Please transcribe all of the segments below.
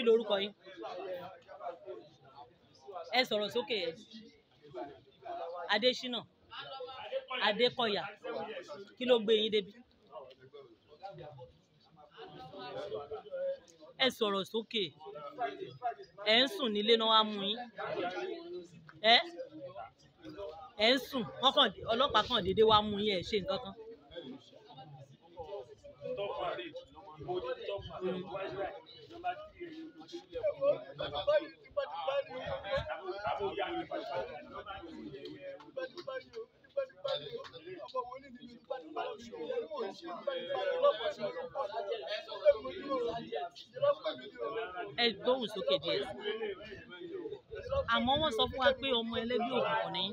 kí lorúkọ yín ẹ sọ̀rọ̀ sókè ẹ Adésínà Adékọ̀yà kí ló gbé yín débi ẹ sọ̀rọ̀ sókè ẹ ń sùn nílé náà wá mú yín ẹ ẹ ń sùn ọlọ́pàá kan déédéé wá mú yín ẹ ṣe nǹkan kan ẹ gbóhùn sókè díẹ̀ àmọ́ wọ́n sọ fún wa pé ọmọ ẹlẹ́bí òkùnkùn ni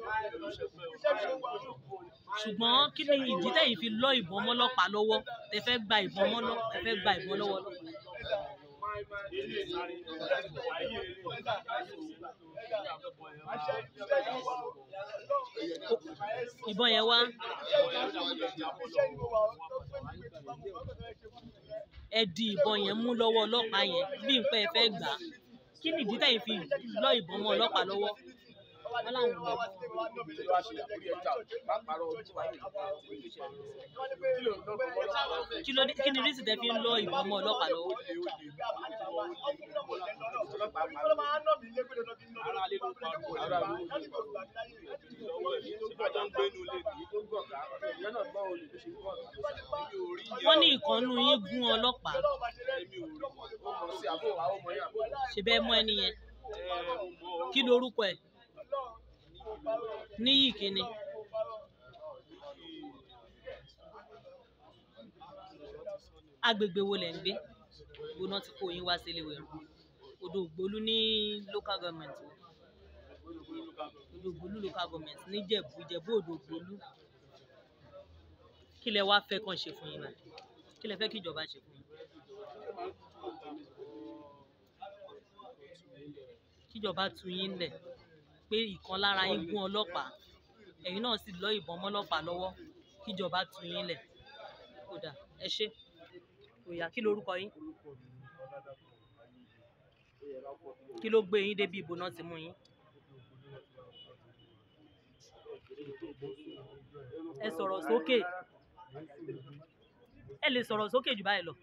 ṣùgbọ́n kí ni ìdí tẹ̀yin fi lọ ìbọn mọ́lọ́pàá lọ́wọ́ tẹ fẹ́ gba ìbọn mọ́lọ́ tẹ fẹ́ gba ìbọn lọ́wọ́ lọ́wọ́. ìbọn yẹn wá. ẹ di ìbọn yẹn mú lọ́wọ́ ọlọ́pàá yẹn bí n pẹ́ fẹ́ gbà kí ni ìdí tẹ̀yin fi lọ ìbọn mọ́ ọlọ́pàá lọ́wọ́ wọn làwọn ò lọ. kí ló kí ni rísì tẹ fi ń lọ ìwọ ọmọ ọlọ́pàá lọ́wọ́. wọ́n ní ìkànnù yín gún ọlọ́pàá ṣe bẹ́ẹ̀ mọ ẹni yẹn kí lorúkọ ẹ̀. Níyì kí ni? Agbègbè wo lẹ̀ ń gbé? Ibo ni wọ́n ti kó yín wá sí Eléwéré? Odòògbólú ní local government o. Odòògbólú local government ní Ìjẹ̀bú, Ìjẹ̀bú Odòògbólú. Kí lẹ wá fẹ́ kán ṣe fún yín báyìí? Kí lẹ fẹ́ kí ìjọba ṣe fún yín? Kí ìjọba tú yín lẹ̀ pé ìkan lára yín gún ọlọ́pàá ẹ̀yin náà sì lọ ìbọn mọ́lọ́pàá lọ́wọ́ kíjọba tú yín lẹ̀ kódà ẹ ṣe òyà kí lorúkọ yín kí ló gbé yín débi ìbò náà ti mú yín. ẹ sọ̀rọ̀ sókè ẹ lè sọ̀rọ̀ sókè jù báyìí lọ.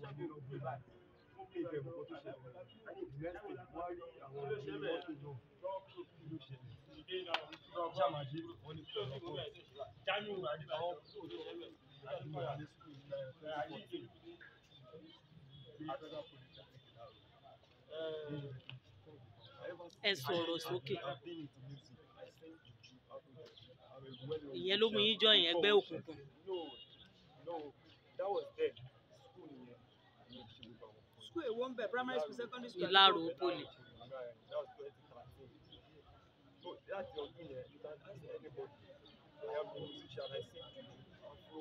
Thank you kéèké mọ̀ tó ṣẹlẹ̀ ìmẹ́sì wá rí àwọn ọmọ mọ́tò náà ẹ sọ̀rọ̀ sókè ìyẹn ló mú yín jọ ìyẹn ẹgbẹ́ òkùnkùn school èwo ń bẹ primary school secondary school. ìlàrò poli. láti ọdún yẹn you can ask anybody help me musician i sing afro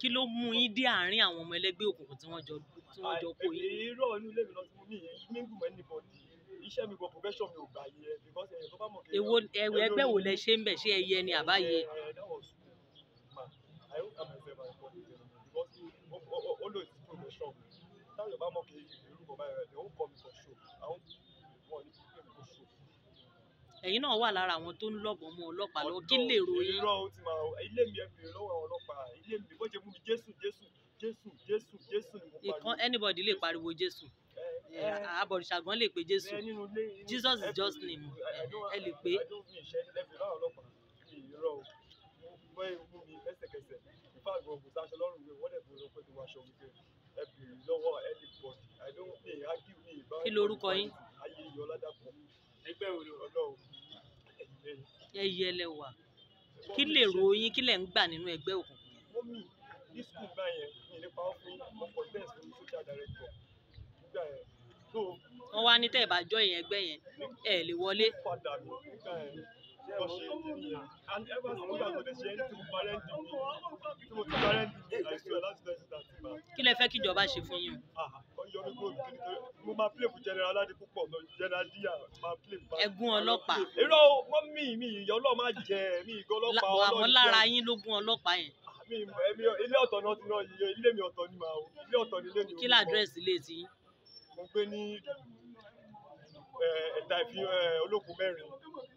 kí ló mú yín dé àárín àwọn ọmọ ẹlẹgbẹ́ òkùnkùn tí wọ́n jọ tí wọ́n jọ kó yín. èrò inú ilé mi lọ sí mo ní mingle with anybody iṣẹ́ mi gan profession mi ò gbà yẹ because ẹ̀yẹ tó bá mọ̀ kéèyàn. èwo ẹ̀wẹ̀ wo lẹ ṣe ń bẹ̀ ṣé ẹyẹ ni àbáyé. ó lò sí profession mi táyọ̀ bá mọ̀ kí irúkọ báyọ̀ ẹ̀ ń kọ́ mi for show àwọn wọn ní pípé mi for show. ẹ̀yin náà wà lára àwọn tó ń lọ́bọ̀ mọ́ ọlọ́pàá lọ kí lè ròyìn. irọ́ ó ti máa ilé mi ẹ lọ́wọ́ àwọn ọlọ́pàá ilé mi bó ṣe mú mi Jésù Jésù Jésù Jésù Jésù ni mo pariwo. ìkan anybody lè pariwo Jésù abọ̀rìṣàgbọ́n lè pe Jésù Jesus is just name ẹ lè pé. irọ́ o mi lẹ́sẹ̀kẹsẹ̀ ìfáàgbọ̀n kò sáṣọ ẹ bèrè lọ́wọ́ anybody i don't me argue me ìbá. kí lorúkọ yín. ayé iyọ̀ ládàpọ̀. ẹgbẹ́ wo ni ọlọ́run ẹ̀yìn lẹ́yìn. ẹyẹ lẹwà kí lè ro yín kí lẹ ń gbà nínú ẹgbẹ́ òkùnkùn yẹn. wọ́n mì ní skul gbà yẹn mi nípa ó fún ọkọ̀ bẹ́ẹ̀ sí social director nígbà yẹn wọ́n wá ní tẹ́ ẹ̀ bá jọ ìyẹn ẹgbẹ́ yẹn ẹ̀ lè wọlé bó ṣe and everyone knows that the ṣe ń tu parent tu tu parent like so that's the that's the bad. kí lẹ fẹ́ kí ìjọba ṣe fún yín. ọyọ mi kò kí mo máa play fún general aládé púpọ̀ náà general díà máa play fún. ẹ̀gún ọlọ́pàá. irọ́ wọ́n mí mi ìyá ọlọ́mà jẹ mí ìgò ọlọ́pàá ọlọ́jẹ. àwọn lára yín ló gún ọlọ́pàá yẹn. Ah, ilé ọ̀tọ̀ náà ti náà yíyọ ilé mi ọ̀tọ̀ ni màá o ilé ọ̀tọ̀ ni ilé mi o. kí ládírẹ́sì ilé ti mo gbé ní eh, ẹ̀ẹ́dà ìfi eh, olókùn mẹ́rin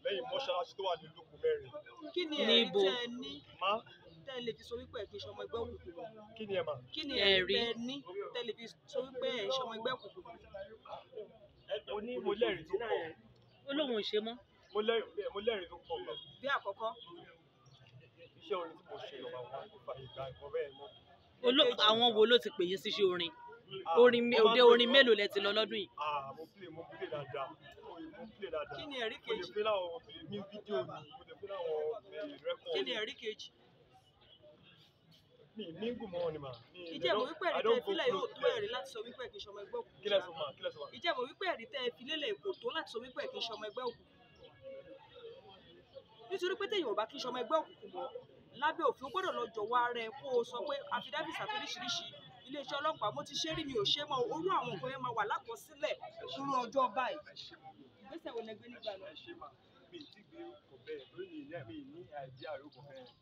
lẹ́yìn mọ́ṣáláṣí tó wà ní lóko mẹ́rin. kí ni ẹ̀rí tẹ́ ẹ ní tẹ́ ẹ lè fi sọ wípé ẹ̀ kì í ṣọmọ ẹgbẹ́ òkùnkùn mọ́. kí ni ẹ mà. kí ni ẹ̀rí tẹ́ ẹ ní tẹ́ ẹ lè fi sọ wípé ẹ̀ ṣọmọ ẹgbẹ́ òkùnkùn mọ́. oní mo lẹ́rìí tó pọ̀. olóhùn ṣe mọ́. mo lẹ́rìí tó pọ̀ mọ́. bí àkọ́kọ́. iṣẹ́ orin tí mo ṣe lọ́wọ́ àwọn àgbà ìgbà ẹ̀kọ́ bẹ́ẹ̀ mọ́. àwọn wo ló ti pè yín síṣẹ́ orin? Ah, orin òde orin mélòó lẹ ti lọ lọ́dún yìí. Ah, mo play mo play dada mo play dada kí ni ẹ̀rí kejì mo lè play láwọn mi fídíò mi mo lè play láwọn rẹ́kọ̀ọ́ kí ni ẹ̀rí kejì. mi mi ń gùn mọ́ wọn ni mà. ìjẹ́bù wípé ẹ̀rí tẹ́ ìfilẹ̀ yóò tó ẹ̀rí láti sọ wípé kì í ṣọmọ ẹgbẹ́ òkùnkùn. kílẹ̀ sọ ma kílẹ̀ sọ ma. ìjẹ́bù wípé ẹ̀rí tẹ́ ìfilẹ̀ kò tó láti sọ wípé kì í ẹgbẹ́ òkùnkùn. nítorí pé téèyàn bá kí í ṣọmọ ẹgbẹ́ òkùnkùn mọ́ lábẹ́ òfin ó gbọ́dọ̀ lọ jọ̀wọ́ ara ẹ̀ kó o sọ pé àfidáfísà tó oríṣiríṣi iléeṣẹ́ ọlọ́pàá mo ti ṣe rí mi ò ṣe mọ́ orú àwọn nǹkan yẹn máa wà lákọsílẹ̀ irú ọjọ́ báyìí gbèsè wo lẹgbẹ́ nígbà náà. mi ti gbé kò bẹ́ẹ̀ lórí mi mi ní àìdí àròkọ bẹ́ẹ̀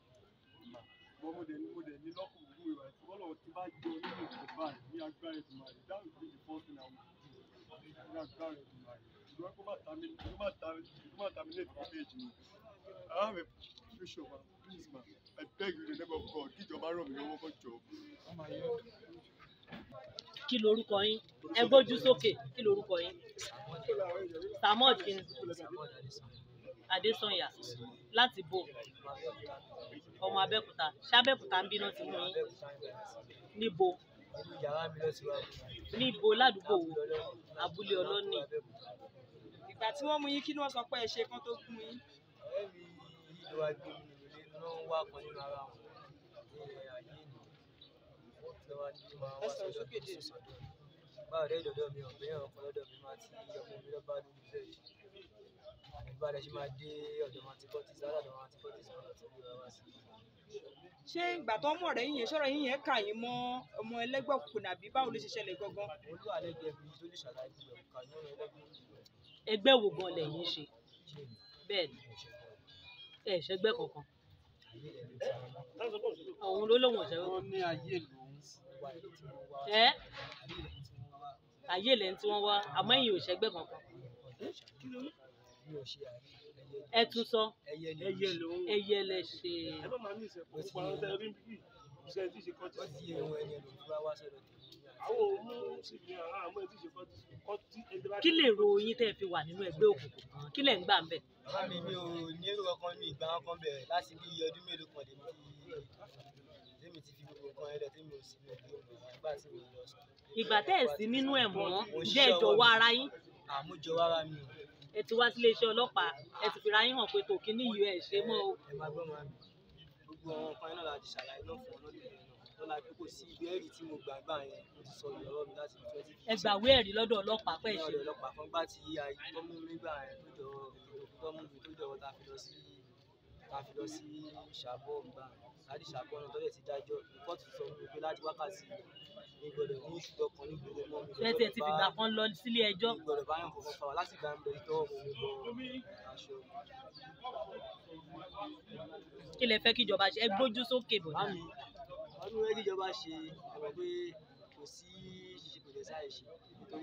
mo mo dẹ̀ mo dẹ̀ ní lọ́kùn gbogbo ìwà tí wọ́n lọ ti bá jẹ onílé kò báyìí ní agbára ìdùnnú rẹ̀ dáhùn sí the first thing I will ní agbára ìdùnnú rẹ̀ ṣùgbọ́n kó má ta mi kó má má ta mi late for page mi administration please ma I beg you in the name of God kíjọba ràn mí lọ́wọ́ kó jọ. kí lorúkọ yín ẹ gbójú sókè kí lorúkọ yín samod kini Adesanya láti bo. ọmọ Abẹ́òkúta ṣàbẹ́òkúta ń bínú ti mú bo. níbo bo ládùúgbò wo abúlé ọlọ́nì. ìgbà tí wọ́n mú yín kí ni wọ́n sọ pé ẹ ṣe kán tó gún yín wá gbé mi nílé náà ń wá kan nínú ara wọn ní ayé ìlú tí wọ́n ti máa wá sọ́dọ̀ mi sí sọ́dọ̀ mi báwo dé ìdọ̀dọ̀ mi ọ̀gbìn ọ̀kan lọ́dọ̀ mi máa ti ọmọ mi lọ́ba lórí bẹ́ẹ̀ ìbálẹ̀ ṣe máa dé ọ̀dọ̀ máa ti bọ́tí sára ọ̀dọ̀ máa ti bọ́tí sára tó wúra wá sí. ṣé ìgbà tó mọ̀ rẹ̀ yìnyín sọ̀rọ̀ yìnyín kà yín mọ́ ọmọ ẹlẹ́gbẹ́ òkùnkùn àbí báwo ló ṣe ṣẹlẹ̀ gangan. olú àlẹ́gbẹ́ mi tó lè ṣàlàyé ọ̀kà yóò rẹ̀ lẹ́gbẹ́. ẹgbẹ́ wo gan lẹ̀yin ṣe? bẹ́ẹ̀ ni ẹ̀ ṣẹgbẹ́ kankan òun ló lóun ọ̀sẹ̀ wọn. ní ayé lòun wà ní tí wọ́n wá. ẹ ayé lẹ́yìn tí wọ́n wá àmọ́ ẹ̀yin ò ṣẹgbẹ́ kankan. ẹ tún sọ ẹyẹ lẹ ṣe. kí lè ro oyin tẹ́ fi wà nínú ẹgbẹ́ òkùnkùn kí lè ń gbà ń bẹ̀. Màmá mi mi ò ní èrò kankan mi ìgbà kankan bẹ̀rẹ̀ láti bí ọdún mélòó kan lèmi ti lèmi ti fi gbogbo nǹkan ẹlẹ̀ tèmi ò sí ní òbí òmò ìgbà tí mo lọ sùn. Ìgbà tẹ́ ẹ̀ sí nínú ẹ̀ mọ́ jẹ́ ìjọ̀wọ́ ara yín. Àmújọwọ́ ara mi o. Ẹ ti wá sílé iṣẹ́ ọlọ́pàá, ẹ ti fira yín hàn pé tòkí ní ìyó ẹ̀ ṣe mọ́ o. Ẹ máa gbọ́ màmí, gbogbo àwọn nǹkan náà láti ṣàlàyé náà fún ọlọ́dẹ lọ́la pé kò sí ìwé ẹ̀rí tí mo gbà gbà yẹn mo ti sọ ìyọ̀rọ̀ mi láti twenty fifteen. Ẹ gbàwé ẹ̀rí lọ́dọ̀ ọlọ́pàá pẹ̀ṣẹ̀. Lọ́dọ̀ ọlọ́pàá fún gbà tí ìyá ìtọ́mú mi gbà yẹn tó sí ká fi lọ sí ṣàbọ̀ gbà láti ṣàbọ̀ náà tọ́lẹ̀ ti dájọ́ kóòtù sọ pé láti wákàtí ní gbọdọ̀ ní ìṣùdọ̀ kan ní gbogbo mọ́ mi. ẹ tiẹ̀ ti fi gbà kan lọ sílé ẹjọ́. ní gbọdọ̀ báyọ̀ kọ̀ọ̀kan fà wá láti gbà ń bẹ̀rẹ̀ tọ́wọ́ mo mú bọ aṣọ. kí lẹ fẹ́ kíjọba ṣe ẹ gbójú sókè bọ̀ náà. wọ́n ní wọ́n kíjọba ṣe ẹ̀rọ pé kò sí ṣíṣe kò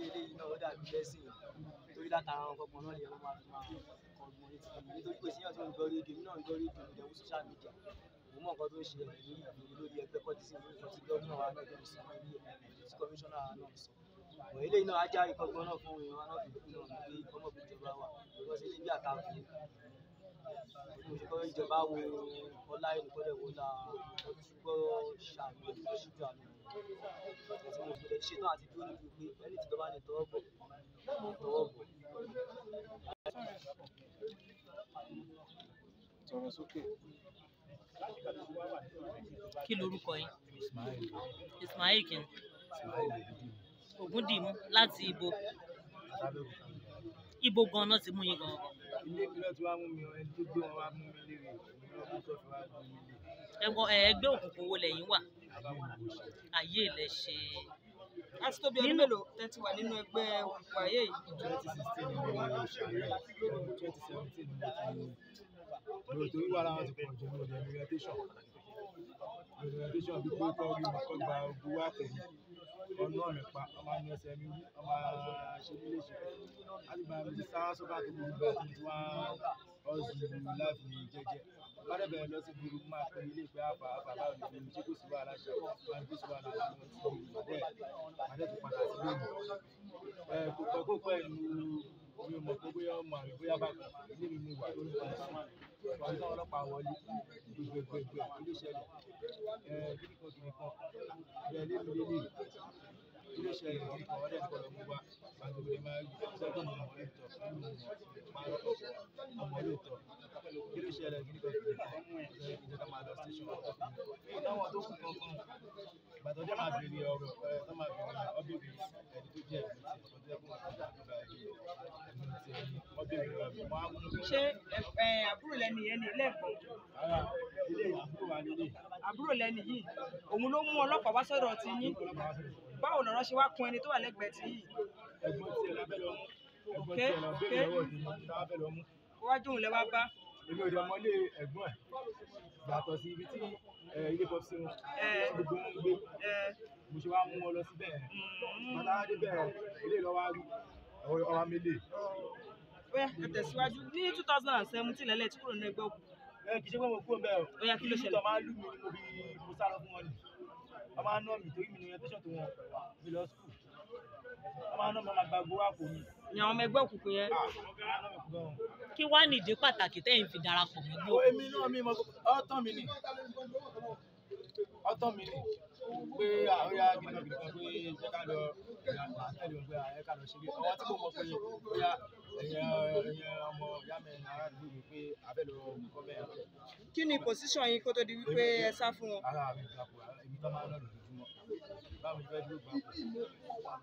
látara àwọn ọgbọ̀n náà lè wọ́n máa fi máa kọ̀ọ̀gbọ̀n létí mi nítorí pé síyàn tó ń gbọ́ rédíò náà ń gbọ́ rédíò ìdẹ̀wò social media mo mọ nǹkan tó ń ṣe ẹ̀mí lórí ẹgbẹ́ kọ́tí sí ìlú tí gómìnà wa náà lórí sọ lórí ẹ̀ tí kọmíṣánná wa náà sọ ọ̀ eléyìí náà á já ìkọ́gbọ́n náà fún èèyàn wa náà fi kúnnà ní pé ọmọ ìjọba wa lọ sí ilé bí àtàkùn olùkọ́ ìjọba wo ọlá ìlú kọ́lẹ̀ wo la ọtúgbọ́ ṣàmì ìlú ṣíjú àti mo lè ṣetán àti dúró níbi pé ẹni tí tọ́ba ní tọwọ́ kí lorúkọ yín. Ismail kìíní. Ògúndìmú láti ibo ibo gan náà ti mú yín gangan. ilé ìpínlẹ̀ tí wàá gbé òkùnkùn wo lẹ́yìn wà ayé ilẹ̀ ṣe. a ti tóbi ọdún mélòó tẹ́ ti wà nínú ẹgbẹ́ òkùnkùn ayé yìí. twenty sixteen ni wọ́n wọ́n ṣe ayé twenty seventeen ni wọ́n ti lò torí wàhálà wọn ti pọ̀ jù ní orientation orientation bí kò kọ́ orí mi kọ́ gba ogun wá pẹ̀lú ọ̀nà rẹ̀ pa ọmọ àmì ẹsẹ̀ mi wú ọmọ àṣẹ mi léṣe láti gba mi sá sọ́kà tó gbogbo ẹ̀ tó wá ọ̀sùn láti jẹjẹ bàdẹ bẹ̀rẹ̀ lọ sí gburu máa pè ilé ìpè àpà àpà báwo ni èmi ṣé kò sí wàhálà ṣe máa ń kó sí wàhálà láwọn ti gbogbo bẹ́ẹ̀ bàdẹ tó padà sí lónìí ẹ̀ kò pẹ́ kó pẹ́ nu mọ̀ pé bóyá ọmọ àrè bóyá bàbá nínú mi wà lórí ọmọ sáwọn ọmọ ọlọ́pàá wọlé gbẹgbẹgbẹ iléeṣẹ́lẹ̀ ẹ kíkọ kìnì kan bẹ́ẹ̀ lé lórí lè iléeṣẹ́lẹ̀ kìnì kan ọdẹ nǹkan lọmọ wa àti òwe máa ń sẹgbẹ mọ ọmọ lè tọ máa lọ ọmọ lè tọ iléeṣẹ́lẹ̀ kìnì kan kìnì kan ẹ ìjọba máa lọ station ọkọ táwọn tó kù kankan jẹ máa bèrè ọ̀rọ̀ ẹ tó máa bèrè ọbẹ ṣé àbúrò lẹni yẹn ni lẹ́gbọ̀n àbúrò lẹni yìí òun ló mú ọlọ́pàá wá sọ́dọ̀ ti yín báwo lọ̀rọ̀ ṣe wá kun ẹni tó wà lẹ́gbẹ̀ẹ́ ti yìí. ké ké wájú òun lẹ wá bá. èmi ò dé ọmọlé ẹ̀gbọ́n ẹ̀ yàtọ̀ sí ibi tí ilé bọ́ sí wọn gbogbo wọn gbé mo ṣe wá mú wọn lọ síbẹ̀ mm-hmm. bàtà wá débẹ̀ ilé lọ́wọ́ ọ̀rọ̀ mi lè bóyá ẹ tẹ̀síwájú ní two thousand and seventeen lẹ́lẹ́ tí kúrò ní ẹgbẹ́ òkú. kì í ṣe pé mo kú ọbẹ̀ o. ó yá kí ló ṣẹlẹ̀. ìtọ́ máa lù mí níbi mo sá lọ fún wọn ni wọ́n máa ná mi torí mi nìyẹn tẹ̀sán tó wọn mi lọ sùkúl wọ́n máa ná mi wọ́n máa gba gbowó àpò mi. ni àwọn ọmọ ẹgbẹ́ òkùnkùn yẹn. Ah, kí wàá nìdí pàtàkì tẹ́yìn fi darapọ̀ mọ́ ẹgbẹ́ èmi náà mi mọ ọtọ́ mi ni ọtọ́ mi ni pé àwọn ya gidi gidi kan pé ṣé ká lọ àtẹ̀lé ọgbẹ́ ẹ ká lọ ṣeré ọwọ́ tí mo mọ̀ pé bóyá ẹ̀yẹ ẹ̀yẹ ọmọ ìyá mi ará ìlú mi pé abẹ́ lọ kọ́ bẹ́ẹ̀. kí ni pòsíṣàn yín kó tó di wípé ẹ sá fún wọn. ara mi gbà kó èmi tó máa ń lọ lójoojúmọ́ báwo ni fẹ́ dúró gbà kó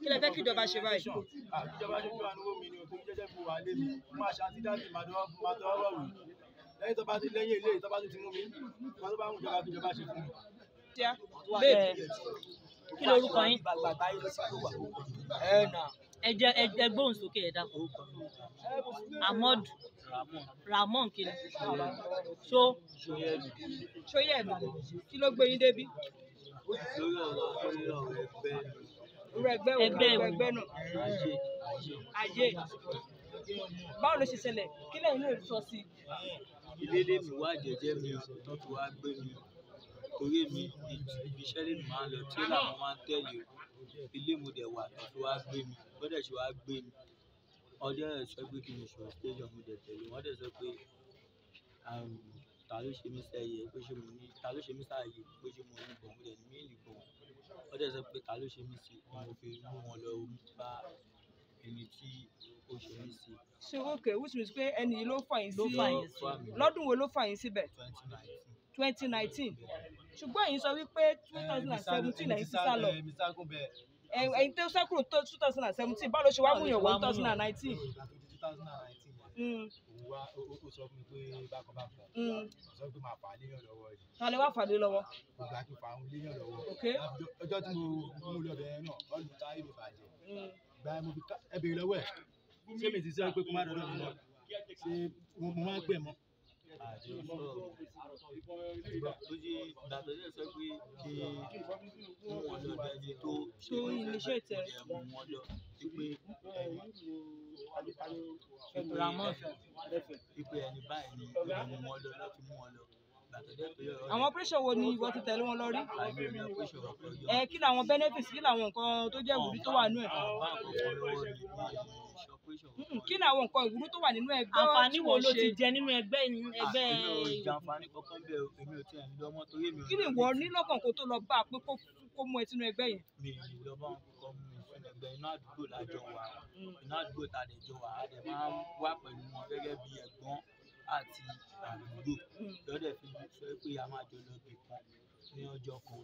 kí lẹ fẹ́ kí ìjọba ṣe báyìí. ìjọba ṣe fún àánú mi ni òkú jẹ́jẹ́ fún wa lé mi máa ṣe àtidádì máa tọwọ́ lẹ́yìn tó bá ti lẹ́yìn ilé tó bá ti ti mú mi wọ́n tó bá ń jọba fi ìjọba ṣe fún mi bẹ́ẹ̀ kí lorúkọ yín ẹ jẹ ẹ gbóhùn sókè ẹ dákun Ahmadu Ramon kiri so Ṣóyẹ̀mí kí ló gbé yín débi ẹgbẹ́ wo ẹgbẹ́ náà ayé báwo ló ṣe ṣẹlẹ̀ kí lẹ́yìn náà sọ sí i. ìdílé mi wá jẹ́jẹ́ mi tó ti wá gbé mi torí èmi ibi iṣẹ́ lèmi máa ń lọ, tírélà mo máa ń tẹ̀lé o. Ilé mo dẹ̀ wà, wọ́n fi wá gbé mi, wọ́n dẹ̀ ṣe wá gbé mi. Wọ́n dẹ̀ sọ pé kí n sọ̀rọ̀ station, mo dẹ̀ tẹ̀lé. Wọ́n dẹ̀ sọ pé, ta ló ṣe mí sẹ́yẹ? Pé ṣe mo ní, ta ló ṣe mí sáàyè? Pé ṣe mo ní ìbọn? Mo dẹ̀ ní mi ìbọn. Wọ́n dẹ̀ sọ pé ta ló ṣe mí sí? Mo fi mú wọn lọ bá ẹni tí ó ṣe mí sí. So okay, which means pé ẹni yìí ló fà sí, lọ́dún wo ló fà síbẹ̀? Twenty nineteen twenty nineteen ṣùgbọ́n èyí sọ wípé two thousand and seventeen ẹ̀yin sísá lọ eh, eh, ẹ̀yin tó sẹ́kùrù tó two thousand and seventeen báwo ló ṣe wá mú yàn wọ two thousand and nineteen. Hmm. ó sọ fún mi pé bákan bákan hmm. ó sọ pé màá fà á léyàn lọ́wọ́ yìí. ta lè wá fà lé lọ́wọ́. kò gbà kí n fà á léyàn lọ́wọ́. ọjọ́ tí mo mú lọ náà ọ̀lù táyé mi bàjẹ́. Hmm. gba ẹ bèrè lọ́wọ́ ẹ̀ ṣé mi ti sọ pé kó má dọ́dọ̀ mi lọ ṣé mo máa ń pè mọ́ lójú dàtọ̀ àwọn operation wo ni ìwọ ti tẹ̀lé wọn lọ ẹ kí làwọn benefits kí làwọn nǹkan tó jẹ́ ìwúrí tó wà nú ẹ̀. Hmm, kí ni àwọn nǹkan ìwúrí tó wà nínú ẹgbẹ́ àǹfààní wo ló ti jẹ nínú ẹgbẹ́ ah, ẹgbẹ́ àǹfààní kankan bẹ èmi ò tiẹ̀ lọ́mọ torí èmi kí ni ìwọ ní lọ́kàn kó tó lọ bá a pé kó mú ẹ sínú ẹgbẹ́ yẹn. mi ò lọ bá wọn kọ mú mi sínú ẹgbẹ́ iná àdúgbò lájọ wa iná àdúgbò tá lè jọ wà á hmm. dẹ̀ máa ń pẹ̀lú wọn gẹ́gẹ́ bí ẹ̀gbọ́n àti àdúgbò hmm. lọ́dẹ̀ fi sọ pé a máa jọ lọ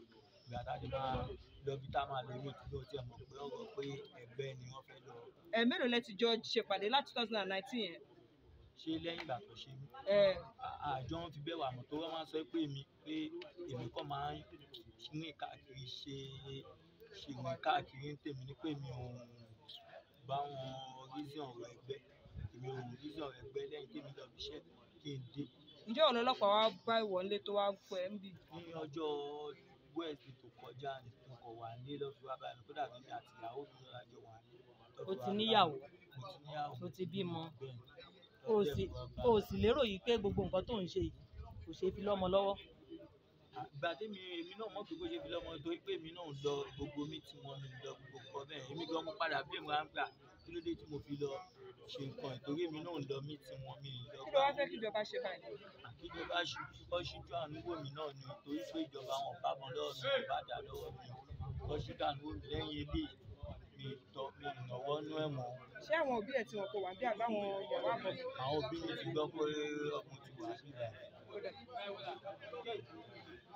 ìgbà tá a ti máa lọ bí tá a máa lọ ilé ìtúbọ̀ tí a mọ̀ pé ọ̀rọ̀ pé ẹgbẹ́ ni wọ́n fẹ́ lọ. ẹ mélòó lẹ ti jọ ṣèpàdé láti two thousand and nineteen yẹn. ṣé lẹ́yìn ìgbà tó ṣe mí. àjọ ń fi bẹ́ẹ̀ wà mọ̀ tó wọ́n máa sọ pé mi pé èmi kọ́ máa ń rìn káàkiri ṣe ṣe rìn káàkiri ń tèmi ní pé mi ò bá wọn rízìn ọ̀rọ̀ ẹgbẹ́ èmi ò rízìn ọ̀rọ̀ ẹgbẹ́ lẹ́yìn tèmi lọ fi ṣẹ́ kí n dé. ǹjẹ́ ọ̀nà ọlọ́pàá wa bá ìwọlé tó wá pẹ́ ń bì? ní ọjọ́ wẹ́ẹ̀sì tó kọjá ní ọkọ̀ wà ní lọ́fi wá báyìí kódà mi àti ìyàwó mi lọ́la jọ wà ní. o ti níyàwó o ti bímọ o sì lérò yìí pé gbogbo nǹkan tó ń ṣe yìí kò ṣeé fi lọ́mọ lọ́wọ́ ìgbà tèmi èmi náà mọ̀ pé bó ṣe fi lọ́mọ torí pé èmi náà lọ gbogbo mi tí wọ́n mi lọ gbogbo nǹkan bẹ́ẹ̀ èmi gan mo padà bí èmi ráńgbà kí ló dé tí mo fi lọ ṣe nǹkan ìtorí èmi náà lọ mí tí wọ́n mi lọ. kí ló wá fẹ́ kí ìjọba ṣe báyìí. àkíjọba ṣíjú àánúwò mi náà ni torí pé ìjọba wọn bá wọn lọ́rùn ìbàdà lọ́wọ́ mi lọ́ṣíjú àánúwò mi lẹ́yìn eléyìí mi tọ mi ìnáwó nú ẹ mọ. ṣé àwọn òbí ẹ ti wọn kò wá bí àbáwọn yàrá bọ. àwọn òbí mi ti gbọ́ pé ọkùnrin ti wà sílẹ̀.